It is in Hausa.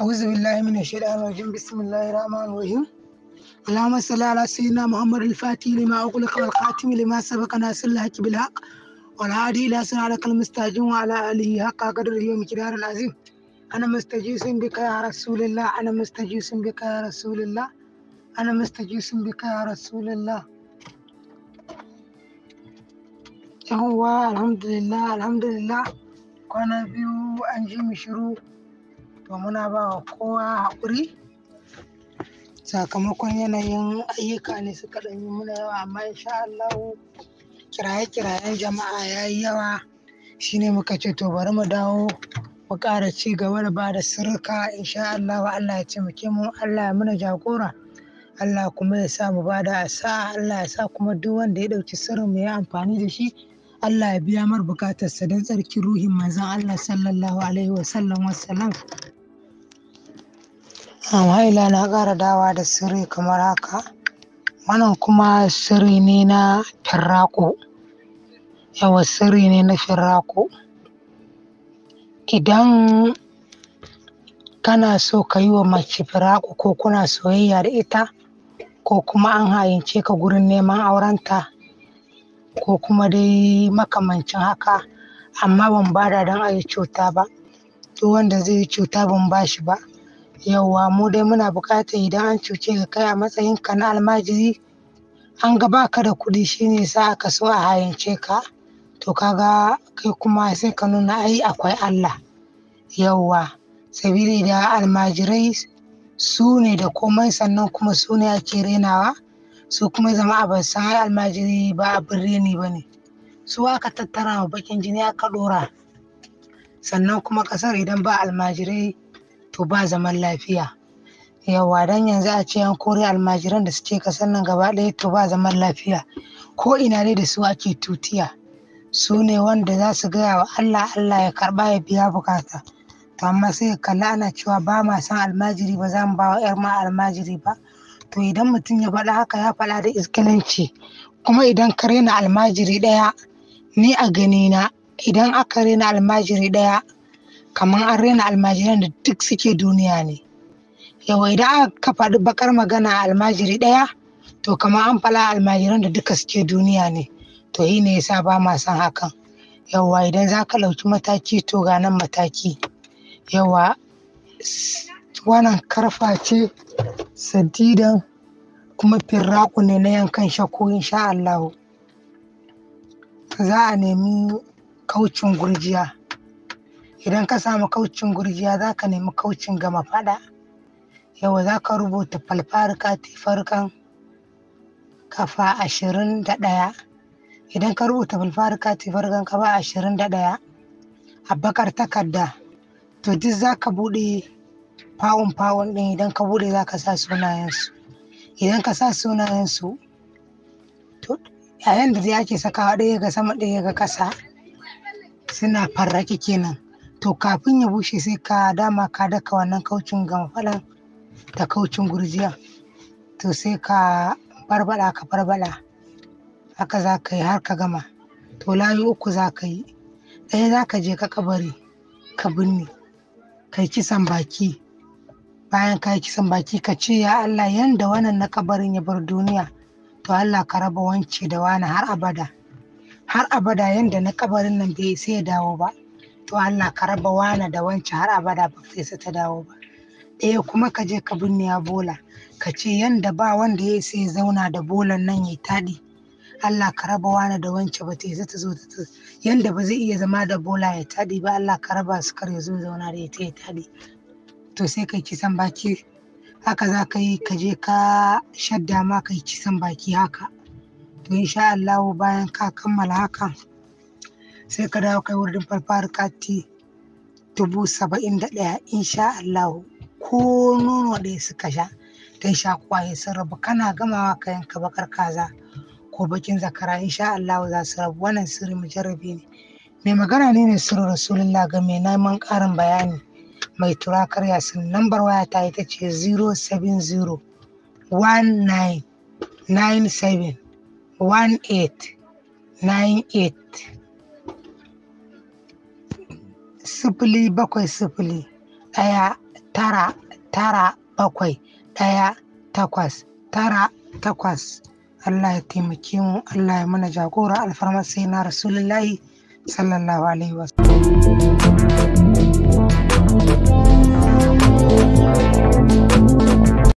أعوذ بالله من الشيطان الرجيم بسم الله الرحمن الرحيم اللهم صل على سيدنا محمد الفاتح لما أغلق والخاتم لما سبق ناصر الحق بالحق والهادي إلى صراطك المستقيم وعلى آله حق قدره ومقداره العظيم أنا مستجيس بك يا رسول الله أنا مستجيس بك يا رسول الله أنا مستجيس بك يا رسول الله yan uwa alhamdulillah alhamdulillah kwana biyu an ji mu shiru to muna ba wa kowa haƙuri sakamakon yanayin ayyuka ne suka ɗan yi muna yawa amma insha Allah kiraye-kirayen jama'a ya yi yawa shine muka ce to bari mu dawo mu ƙara ci gaba da bada sirrika insha Allah Allah ya muke mu Allah ya muna jagora Allah kuma ya sa mu bada asa Allah ya sa kuma duk wanda ya ɗauki sirrin mu ya amfani da shi Allah ya biya mar bukatarsa don tsarkin ruhin manzan Allah sallallahu alaihi wasallam wasallam haila na ƙara dawa da sirri kamar haka wannan kuma sirri ne na firrako yawa sirri ne na firrako idan kana so ka yi wa mace firako ko kuna soyayya da ita ko kuma an hayince ka gurin neman aurenta ko kuma dai makamancin haka amma ban bada don a yi cuta ba to wanda zai yi cuta ban ba shi ba yauwa mu dai muna buƙatar idan an cuce ka kai a matsayin ka na almajiri an ga baka da kuɗi shine sa aka so a hayance ka to kaga kai kuma sai ka nuna ai akwai Allah yauwa sabili da almajirai su ne da komai sannan kuma su ne ake renawa su kuma zama a ba san almajiri ba a abin ne ba ne su aka tattara wa bakin jini aka dora sannan kuma kasar idan ba almajirai to ba zaman lafiya yawa don yanzu a ce an kore almajiran da suke kasar nan gaba ɗaya to ba zaman lafiya ko ina ne da su ake tutiya su ne wanda za su gaya wa allah allah ya karba ya biya bukata to amma sai kalla ana cewa ba ma san almajiri ba za mu ba wa yar ma almajiri ba to idan mutum ya faɗa haka ya faɗa da iskilanci kuma idan ka rena almajiri ɗaya ni a ganina idan aka rena almajiri ɗaya kamar an rena almajiran da duk suke duniya ne yawa idan aka faɗi bakar magana almajiri ɗaya to kamar an faɗa almajiran da duka suke duniya ne to yi ne yasa ba ma san hakan yawa idan za ka ɗauki mataki to ga nan mataki yawa wannan karfa ce sadidan kuma firraku ne na yankan shakku insha Allah za a nemi kaucin gurjiya idan ka samu kaucin gurjiya za ka nemi kaucin gama fada yawa za ka rubuta ta farkan kafa ashirin da ɗaya idan ka rubuta ta farkan kafa ashirin da ɗaya a bakar takarda to duk za ka buɗe fawon fawon ɗin idan ka bude za ka sa sunayensu idan ka sa sunayensu to yayin da ake sakawa ɗaya ga sama ɗaya ga ƙasa suna farraki kenan to kafin ya bushe sai ka dama ka daka wannan kaucin gamfalan da kaucin gurjiya to sai ka barbada ka barbada haka za ka yi har ka gama to layi uku za ka yi ɗaya za ka je ka kabari ka binne kai kisan baki bayan ka yi kisan baki ka ce ya Allah yanda wannan na kabarin ya bar duniya to Allah ka raba wance da wani har abada har abada yanda na kabarin nan bai sai ya dawo ba to Allah ka raba wani da wance har abada ba sai ta dawo ba ɗaya eh, kuma ka je ka binne ya bola ka ce yanda ba wanda ya sai zauna da bolan nan ya taɗi Allah ka raba wani da wance ba ta ta zo ta yanda ba zai iya zama da bola ya taɗi ba Allah ka raba su kar ya zo zauna da ya ta ya taɗi to sai kai kisan baki haka za ka yi ka je ka shadda ma yi kisan baki haka to insha Allah bayan ka kammala haka sai ka dawo kai wurin farfar kati dubu saba'in da ɗaya insha Allah ko nono ɗaya suka sha ta sha ya sun rabu kana gamawa ka yanka bakar kaza ko bakin zakara insha Allah za su rabu wannan sirri mujarrabi ne mai magana ne ne sirrin rasulullah ga mai neman ƙarin bayani mai tura karya sun lambar waya ta ita ce 070 19 97 18 98 sifili bakwai sifili ɗaya tara tara bakwai ɗaya takwas tara takwas Allah ya taimake mu Allah ya mana jagora alfarmar sai na rasulullahi sallallahu alaihi wasallam Música